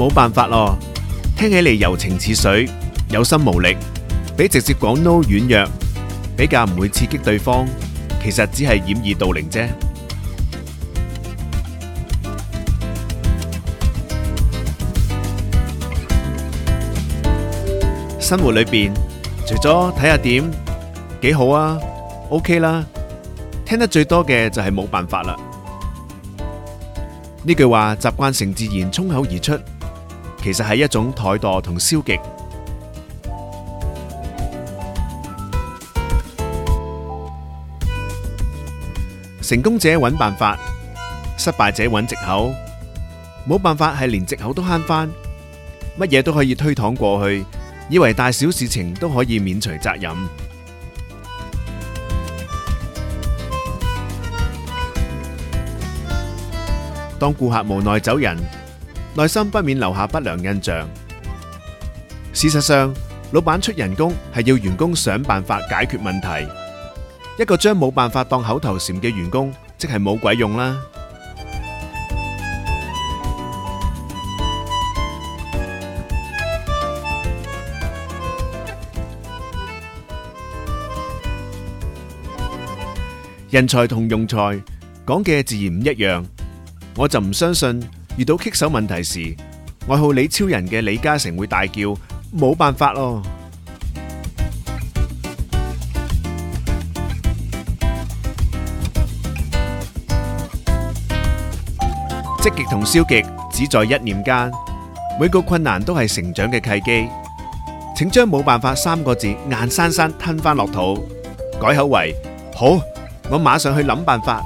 冇辦法咯，聽起嚟柔情似水，有心無力，比直接講 no 軟弱，比較唔會刺激對方。其實只係掩耳盜鈴啫。生活裏邊，除咗睇下點，幾好啊，OK 啦。聽得最多嘅就係冇辦法啦。呢句話習慣成自然，衝口而出。其實係一種怠惰同消極。成功者揾辦法，失敗者揾藉口。冇辦法係連藉口都慳返，乜嘢都可以推搪過去，以為大小事情都可以免除責任。當顧客無奈走人。內心不免留下不良印象。事實上，老闆出人工係要員工想辦法解決問題。一個將冇辦法當口頭禪嘅員工，即係冇鬼用啦。人才同庸才講嘅自然唔一樣，我就唔相信。遇到棘手問題時，外號李超人嘅李嘉誠會大叫：冇辦法咯！積極同消極只在一念間，每個困難都係成長嘅契機，請將冇辦法三個字硬生生吞返落肚，改口為：好，我馬上去諗辦法。